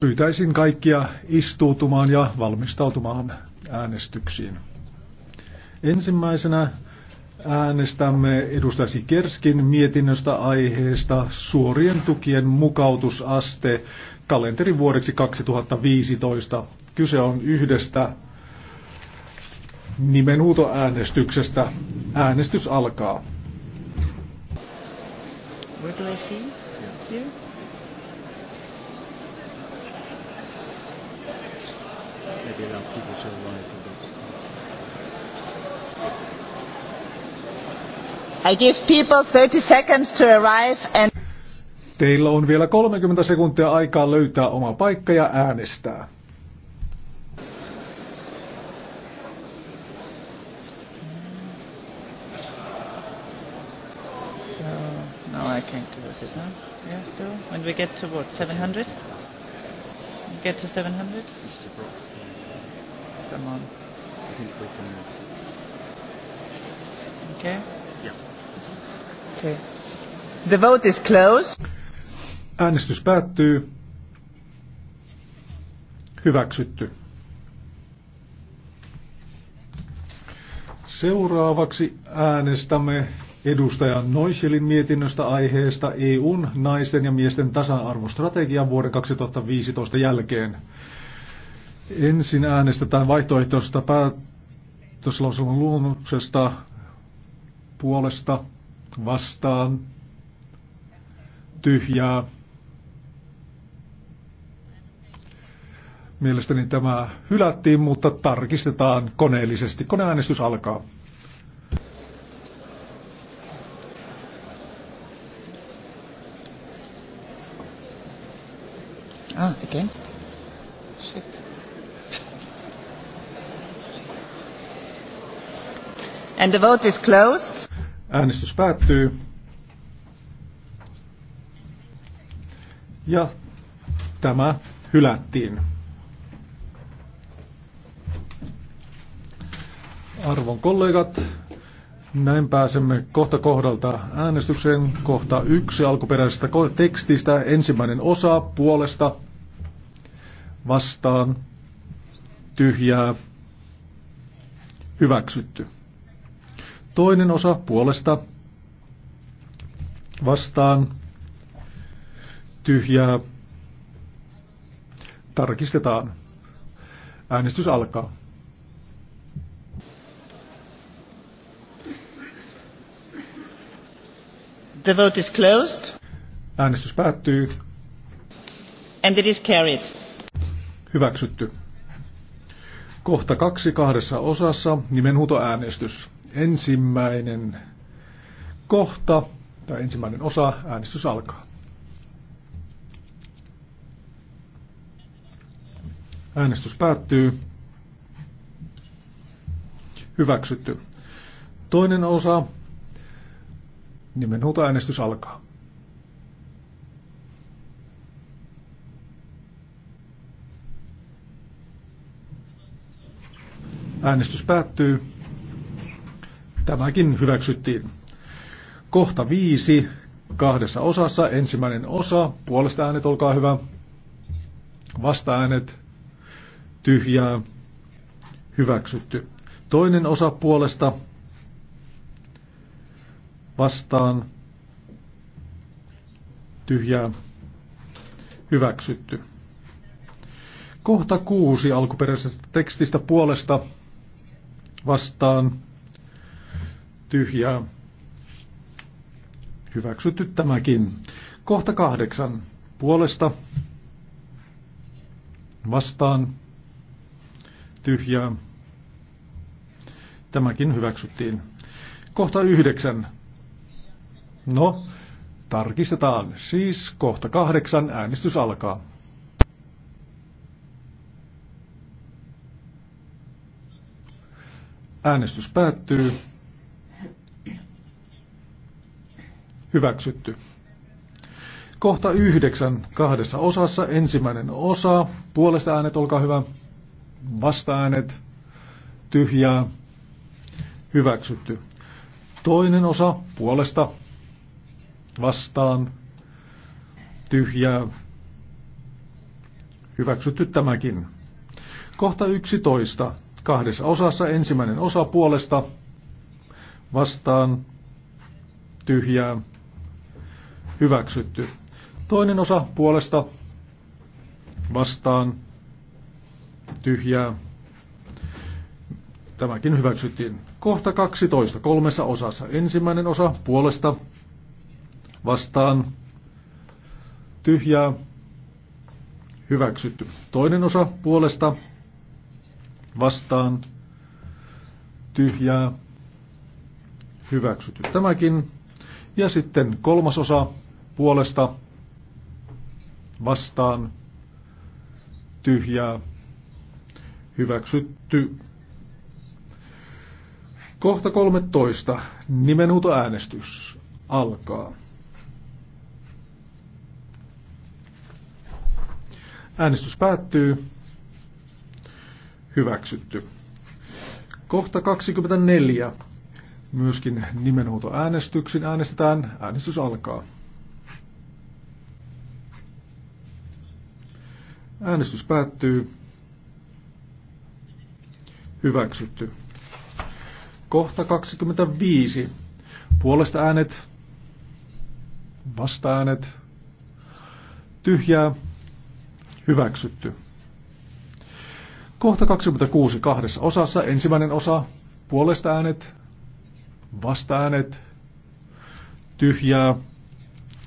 Pyytäisin kaikkia istuutumaan ja valmistautumaan äänestyksiin. Ensimmäisenä äänestämme edustaja Sikerskin mietinnöstä aiheesta suorien tukien mukautusaste kalenterivuodeksi 2015. Kyse on yhdestä nimenhuutoäänestyksestä. Äänestys alkaa. Where do I see? Here? get out people's life. I give people 30 seconds to arrive and... Teillä on vielä 30 sekuntia aikaa löytää oma paikka ja äänestää. I can't do this, is Yeah, still. When we get to what, 700? We get to 700? Mr. Brooks, yeah. Come on. I think we can. Okay. Yeah. Okay. The vote is closed. Äänestys päättyy. Hyväksytty. Seuraavaksi äänestämme edustajan Noiselin mietinnöstä aiheesta EUn naisten ja miesten tasa-arvostrategia vuoden 2015 jälkeen. Ensin äänestetään vaihtoehtoisesta päätöslauselman luonnoksesta puolesta vastaan tyhjää. Mielestäni tämä hylättiin, mutta tarkistetaan koneellisesti. Koneäänestys alkaa. Ah, against. And the vote is closed. Äänestys päättyy. Ja tämä hylättiin. Arvon kollegat, näin pääsemme kohta kohdalta äänestykseen. Kohta yksi alkuperäisestä tekstistä, ensimmäinen osa puolesta vastaan tyhjää hyväksytty. Toinen osa puolesta vastaan tyhjää tarkistetaan. Äänestys alkaa. The vote is closed. Äänestys päättyy. And it is carried. Hyväksytty. Kohta kaksi kahdessa osassa nimenhuutoäänestys. äänestys. Ensimmäinen kohta tai ensimmäinen osa, äänestys alkaa. Äänestys päättyy. Hyväksytty. Toinen osa, nimenhuuta äänestys alkaa. Äänestys päättyy. Tämäkin hyväksyttiin. Kohta viisi kahdessa osassa. Ensimmäinen osa, puolesta äänet, olkaa hyvä. Vasta äänet, tyhjää, hyväksytty. Toinen osa puolesta, vastaan, tyhjää, hyväksytty. Kohta kuusi alkuperäisestä tekstistä puolesta vastaan tyhjää. Hyväksytty tämäkin. Kohta kahdeksan. Puolesta vastaan tyhjää. Tämäkin hyväksyttiin. Kohta yhdeksän. No, tarkistetaan. Siis kohta kahdeksan äänestys alkaa. Äänestys päättyy. Hyväksytty. Kohta yhdeksän kahdessa osassa. Ensimmäinen osa. Puolesta äänet, olkaa hyvä. Vasta äänet. Tyhjää. Hyväksytty. Toinen osa. Puolesta. Vastaan. Tyhjää. Hyväksytty tämäkin. Kohta 11. Kahdessa osassa ensimmäinen osa puolesta vastaan tyhjää hyväksytty. Toinen osa puolesta vastaan tyhjää. Tämäkin hyväksyttiin. Kohta 12 kolmessa osassa. Ensimmäinen osa puolesta vastaan tyhjää hyväksytty. Toinen osa puolesta vastaan tyhjää hyväksytty. Tämäkin. Ja sitten kolmas osa puolesta vastaan tyhjää hyväksytty. Kohta 13. Nimenhuutoäänestys alkaa. Äänestys päättyy. Hyväksytty. Kohta 24. Myöskin nimenhuutoäänestyksin äänestetään. Äänestys alkaa. Äänestys päättyy. Hyväksytty. Kohta 25. Puolesta äänet, vasta äänet, tyhjää, hyväksytty. Kohta 26 kahdessa osassa. Ensimmäinen osa, puolesta äänet, vasta äänet, tyhjää,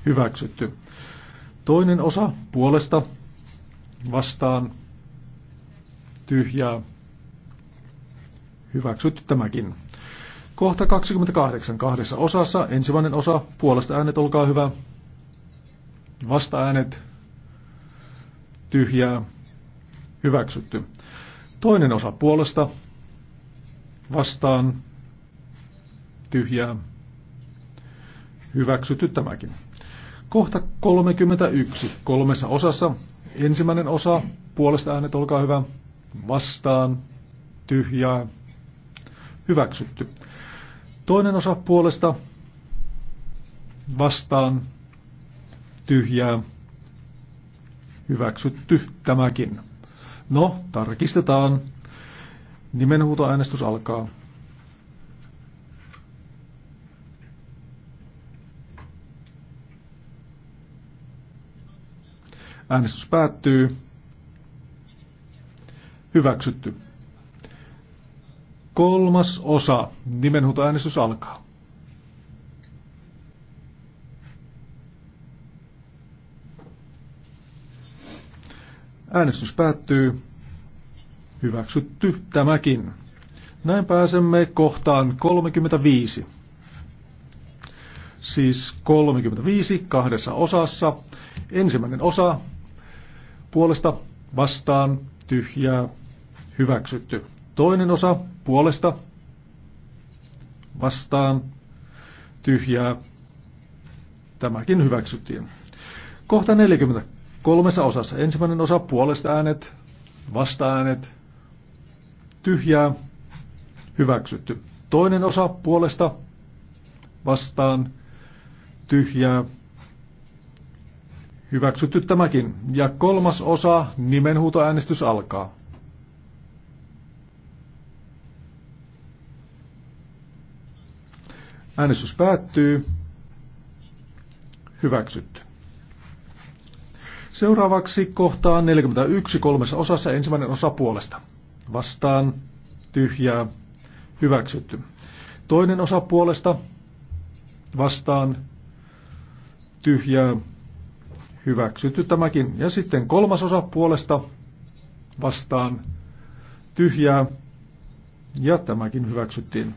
hyväksytty. Toinen osa, puolesta, vastaan tyhjää hyväksytty tämäkin. Kohta 28 kahdessa osassa. Ensimmäinen osa, puolesta äänet, olkaa hyvä. Vasta äänet, tyhjää, hyväksytty. Toinen osa puolesta, vastaan, tyhjää, hyväksytty tämäkin. Kohta 31 kolmessa osassa. Ensimmäinen osa, puolesta äänet, olkaa hyvä. Vastaan, tyhjää, hyväksytty. Toinen osa puolesta, vastaan, tyhjää, hyväksytty tämäkin. No, tarkistetaan. Nimenhuutoäänestys alkaa. Äänestys päättyy. Hyväksytty. Kolmas osa. Nimenhuutoäänestys alkaa. Äänestys päättyy. Hyväksytty tämäkin. Näin pääsemme kohtaan 35. Siis 35 kahdessa osassa. Ensimmäinen osa Puolesta vastaan tyhjää hyväksytty. Toinen osa puolesta vastaan tyhjää tämäkin hyväksyttiin. Kohta 40. Kolmessa osassa. Ensimmäinen osa puolesta äänet, vasta äänet, tyhjää, hyväksytty. Toinen osa puolesta, vastaan, tyhjää, Hyväksytty tämäkin. Ja kolmas osa, nimenhuutoäänestys alkaa. Äänestys päättyy. Hyväksytty. Seuraavaksi kohtaan 41 kolmessa osassa ensimmäinen osa puolesta. Vastaan, tyhjää, hyväksytty. Toinen osa puolesta, vastaan, tyhjää, Hyväksytty tämäkin. Ja sitten kolmas osa puolesta vastaan tyhjää. Ja tämäkin hyväksyttiin.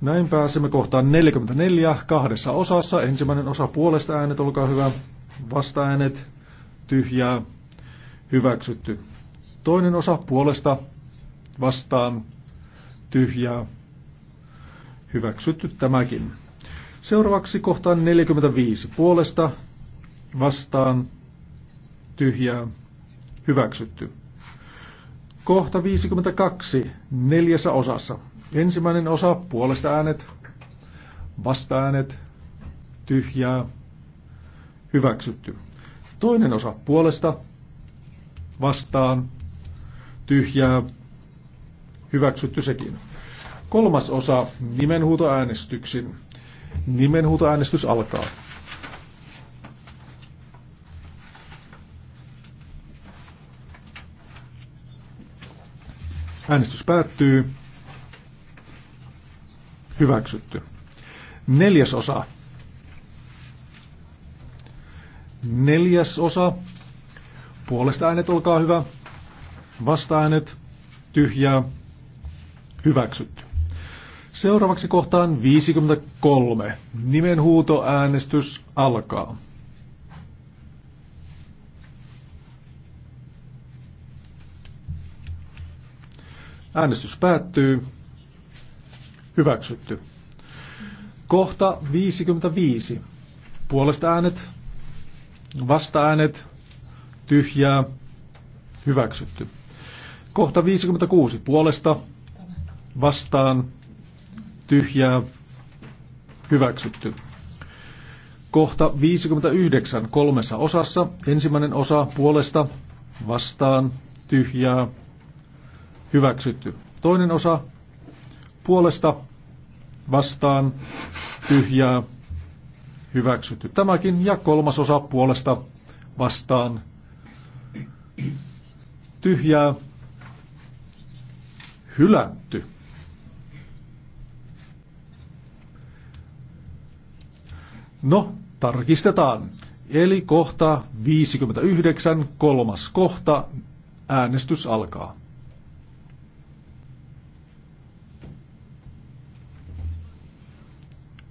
Näin pääsemme kohtaan 44 kahdessa osassa. Ensimmäinen osa puolesta äänet, olkaa hyvä. äänet, tyhjää, hyväksytty. Toinen osa puolesta, vastaan, tyhjää, hyväksytty tämäkin. Seuraavaksi kohtaan 45 puolesta, vastaan tyhjää hyväksytty. Kohta 52 neljässä osassa. Ensimmäinen osa puolesta äänet, vasta äänet, tyhjää, hyväksytty. Toinen osa puolesta, vastaan, tyhjää, hyväksytty sekin. Kolmas osa nimenhuutoäänestyksin. Nimenhuutoäänestys alkaa. Äänestys päättyy. Hyväksytty. Neljäs osa. Neljäs osa. Puolesta äänet, olkaa hyvä. Vasta äänet, tyhjää, hyväksytty. Seuraavaksi kohtaan 53. Nimenhuutoäänestys alkaa. Äänestys päättyy. Hyväksytty. Kohta 55. Puolesta äänet, vasta äänet, tyhjää, hyväksytty. Kohta 56. Puolesta, vastaan, tyhjää, hyväksytty. Kohta 59 kolmessa osassa. Ensimmäinen osa puolesta, vastaan, tyhjää, Hyväksytty. Toinen osa puolesta vastaan tyhjää hyväksytty. Tämäkin ja kolmas osa puolesta vastaan tyhjää hylätty. No, tarkistetaan. Eli kohta 59, kolmas kohta, äänestys alkaa.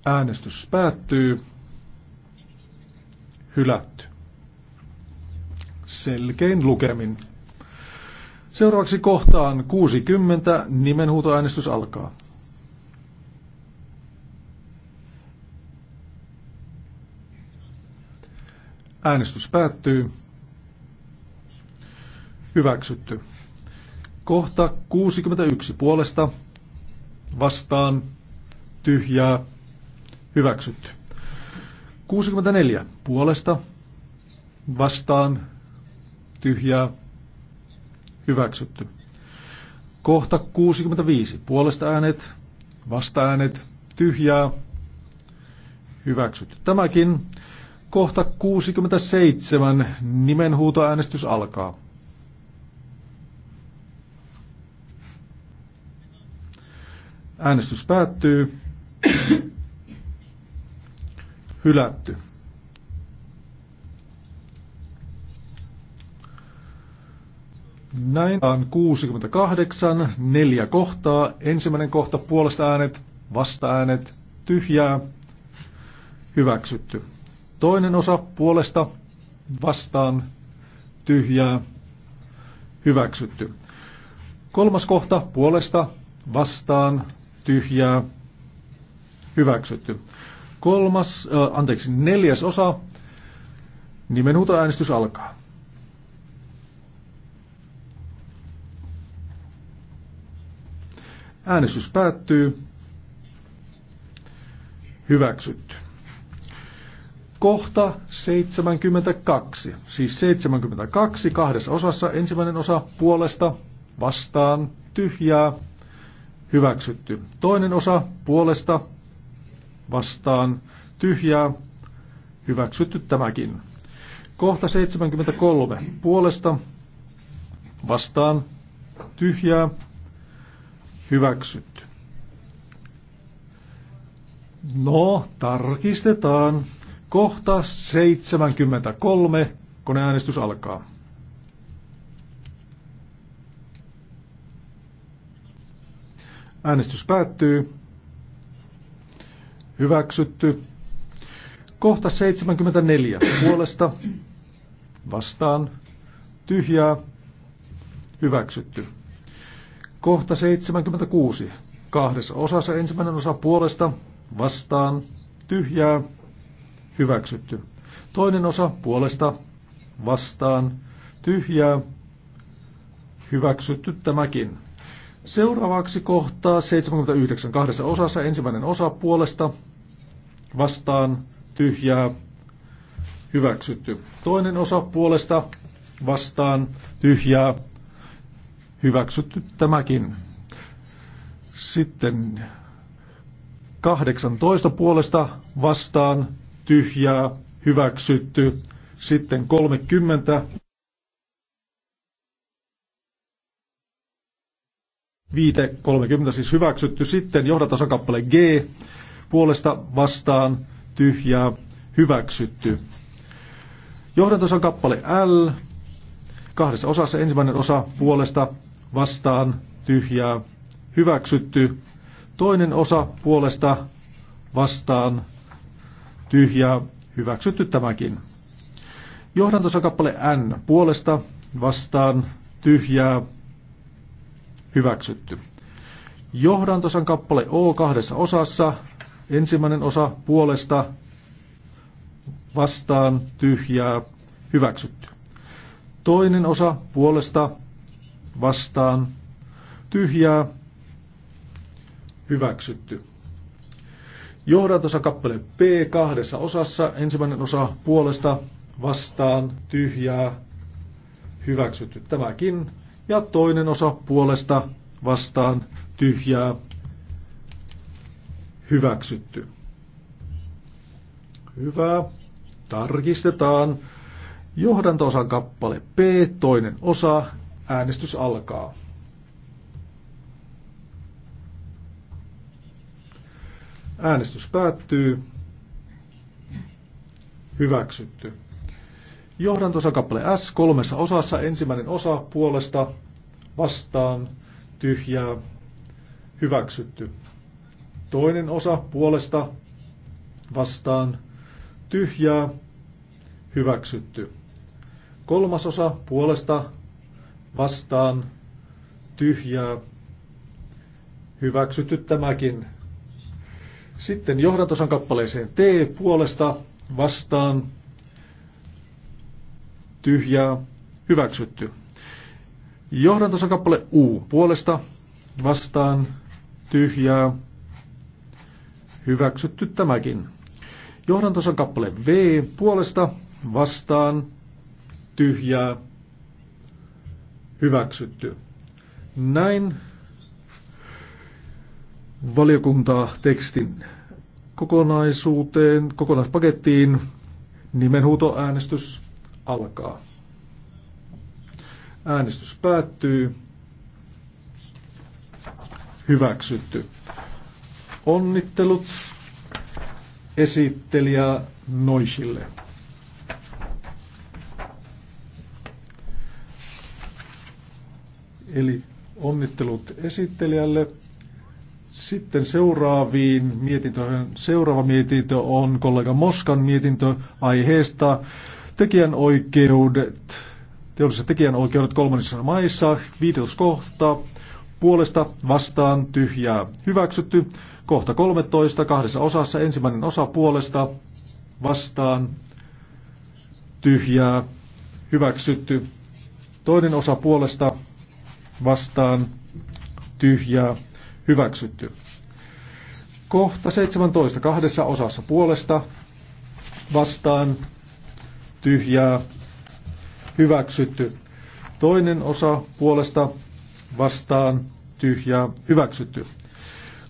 Äänestys päättyy. Hylätty. Selkein lukemin. Seuraavaksi kohtaan 60. Nimenhuutoäänestys alkaa. Äänestys päättyy. Hyväksytty. Kohta 61 puolesta vastaan tyhjää Hyväksytty. 64. Puolesta. Vastaan. Tyhjää. Hyväksytty. Kohta 65. Puolesta äänet. Vasta äänet. Tyhjää. Hyväksytty. Tämäkin. Kohta 67. Nimenhuutoäänestys alkaa. Äänestys päättyy hylätty. Näin on 68, neljä kohtaa. Ensimmäinen kohta puolesta äänet, vasta äänet, tyhjää, hyväksytty. Toinen osa puolesta, vastaan, tyhjää, hyväksytty. Kolmas kohta puolesta, vastaan, tyhjää, hyväksytty. Kolmas, äh, anteeksi, neljäs osa. Nimenhuuto äänestys alkaa. Äänestys päättyy. Hyväksytty. Kohta 72, siis 72 kahdessa osassa. Ensimmäinen osa puolesta vastaan tyhjää. Hyväksytty. Toinen osa puolesta vastaan tyhjää, hyväksytty tämäkin. Kohta 73 puolesta vastaan tyhjää, hyväksytty. No, tarkistetaan. Kohta 73, äänestys alkaa. Äänestys päättyy. Hyväksytty. Kohta 74. Puolesta. Vastaan. Tyhjää. Hyväksytty. Kohta 76. Kahdessa osassa ensimmäinen osa puolesta. Vastaan. Tyhjää. Hyväksytty. Toinen osa puolesta. Vastaan. Tyhjää. Hyväksytty tämäkin. Seuraavaksi kohtaa 79 kahdessa osassa. Ensimmäinen osa puolesta vastaan tyhjää hyväksytty. Toinen osa puolesta vastaan tyhjää hyväksytty tämäkin. Sitten 18 puolesta vastaan tyhjää hyväksytty. Sitten 30 Viite 30 siis hyväksytty. Sitten johdatasakappale G puolesta vastaan tyhjää hyväksytty. Johdatus L. Kahdessa osassa ensimmäinen osa puolesta vastaan tyhjää hyväksytty. Toinen osa puolesta vastaan tyhjää hyväksytty tämäkin. Johdantosakappale N puolesta vastaan tyhjää hyväksytty. Johdantosan kappale O kahdessa osassa. Ensimmäinen osa puolesta vastaan tyhjää hyväksytty. Toinen osa puolesta vastaan tyhjää hyväksytty. Johdantosa kappale P kahdessa osassa. Ensimmäinen osa puolesta vastaan tyhjää hyväksytty. Tämäkin ja toinen osa puolesta vastaan tyhjää hyväksytty. Hyvä. Tarkistetaan. Johdantosan kappale P, toinen osa. Äänestys alkaa. Äänestys päättyy. Hyväksytty. Johdantosakappale S kolmessa osassa. Ensimmäinen osa puolesta vastaan tyhjää hyväksytty. Toinen osa puolesta vastaan tyhjää hyväksytty. Kolmas osa puolesta vastaan tyhjää hyväksytty tämäkin. Sitten johdantosan kappaleeseen T puolesta vastaan tyhjää, hyväksytty. Johdantosan kappale U puolesta vastaan tyhjää, hyväksytty tämäkin. Johdantosan kappale V puolesta vastaan tyhjää, hyväksytty. Näin valiokuntaa tekstin kokonaisuuteen, kokonaispakettiin, nimenhuutoäänestys alkaa. Äänestys päättyy. Hyväksytty. Onnittelut esittelijä Noisille. Eli onnittelut esittelijälle. Sitten seuraaviin mietintöihin. Seuraava mietintö on kollega Moskan mietintö aiheesta tekijänoikeudet, teolliset tekijänoikeudet kolmannissa maissa, viides kohta, puolesta vastaan tyhjää hyväksytty, kohta 13, kahdessa osassa, ensimmäinen osa puolesta vastaan tyhjää hyväksytty, toinen osa puolesta vastaan tyhjää hyväksytty. Kohta 17 kahdessa osassa puolesta vastaan tyhjää hyväksytty. Toinen osa puolesta vastaan tyhjää hyväksytty.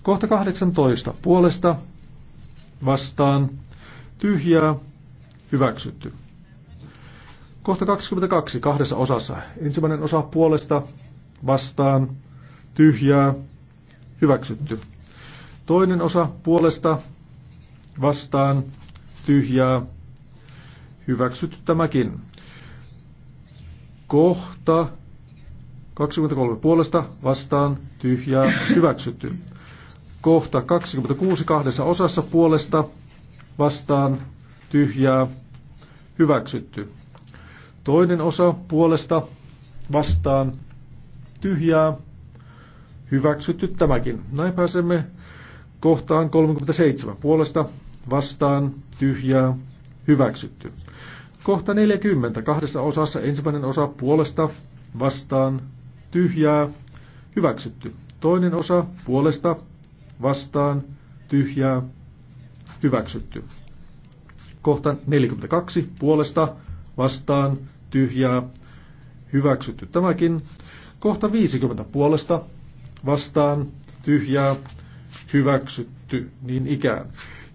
Kohta 18 puolesta vastaan tyhjää hyväksytty. Kohta 22 kahdessa osassa. Ensimmäinen osa puolesta vastaan tyhjää hyväksytty. Toinen osa puolesta vastaan tyhjää Hyväksytty tämäkin. Kohta 23 puolesta vastaan tyhjää hyväksytty. Kohta 26 kahdessa osassa puolesta vastaan tyhjää hyväksytty. Toinen osa puolesta vastaan tyhjää hyväksytty tämäkin. Näin pääsemme kohtaan 37 puolesta vastaan tyhjää hyväksytty. Kohta 40. Kahdessa osassa ensimmäinen osa puolesta vastaan tyhjää hyväksytty. Toinen osa puolesta vastaan tyhjää hyväksytty. Kohta 42. Puolesta vastaan tyhjää hyväksytty. Tämäkin kohta 50. Puolesta vastaan tyhjää hyväksytty niin ikään.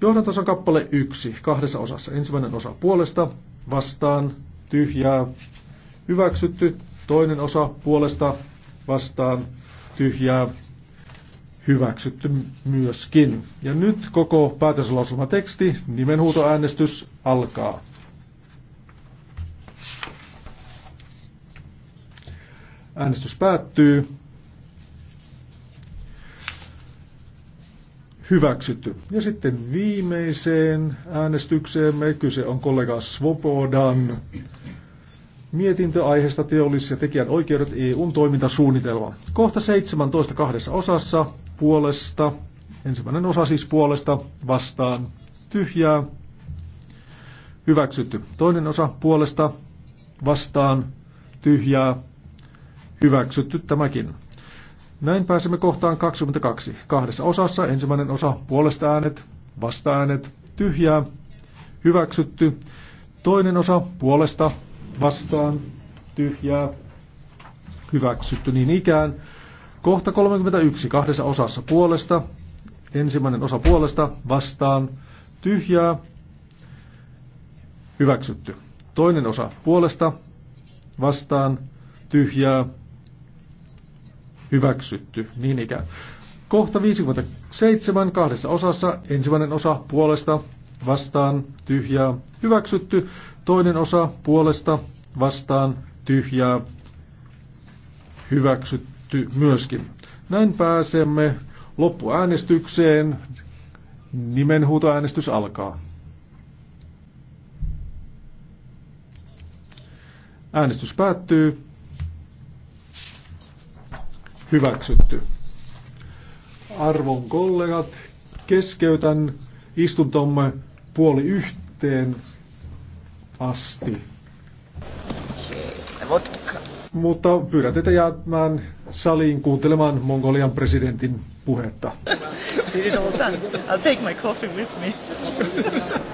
Johdantason kappale 1 kahdessa osassa. Ensimmäinen osa puolesta vastaan tyhjää hyväksytty. Toinen osa puolesta vastaan tyhjää hyväksytty myöskin. Ja nyt koko päätöslauselmateksti, nimenhuutoäänestys alkaa. Äänestys päättyy. hyväksytty. Ja sitten viimeiseen äänestykseemme kyse on kollega Svobodan mietintöaiheesta teollis- ja tekijänoikeudet EUn toimintasuunnitelma. Kohta 17 kahdessa osassa puolesta, ensimmäinen osa siis puolesta vastaan tyhjää, hyväksytty. Toinen osa puolesta vastaan tyhjää, hyväksytty tämäkin. Näin pääsemme kohtaan 22. Kahdessa osassa ensimmäinen osa puolesta äänet, vasta äänet, tyhjää, hyväksytty. Toinen osa puolesta, vastaan, tyhjää, hyväksytty niin ikään. Kohta 31 kahdessa osassa puolesta, ensimmäinen osa puolesta, vastaan, tyhjää, hyväksytty. Toinen osa puolesta, vastaan, tyhjää, hyväksytty. Niin ikään. Kohta 57 kahdessa osassa. Ensimmäinen osa puolesta vastaan tyhjää hyväksytty. Toinen osa puolesta vastaan tyhjää hyväksytty myöskin. Näin pääsemme loppuäänestykseen. Nimenhuutoäänestys alkaa. Äänestys päättyy hyväksytty. Arvon kollegat, keskeytän istuntomme puoli yhteen asti. Mutta pyydän teitä jäämään saliin kuuntelemaan Mongolian presidentin puhetta. I'll take my coffee with me.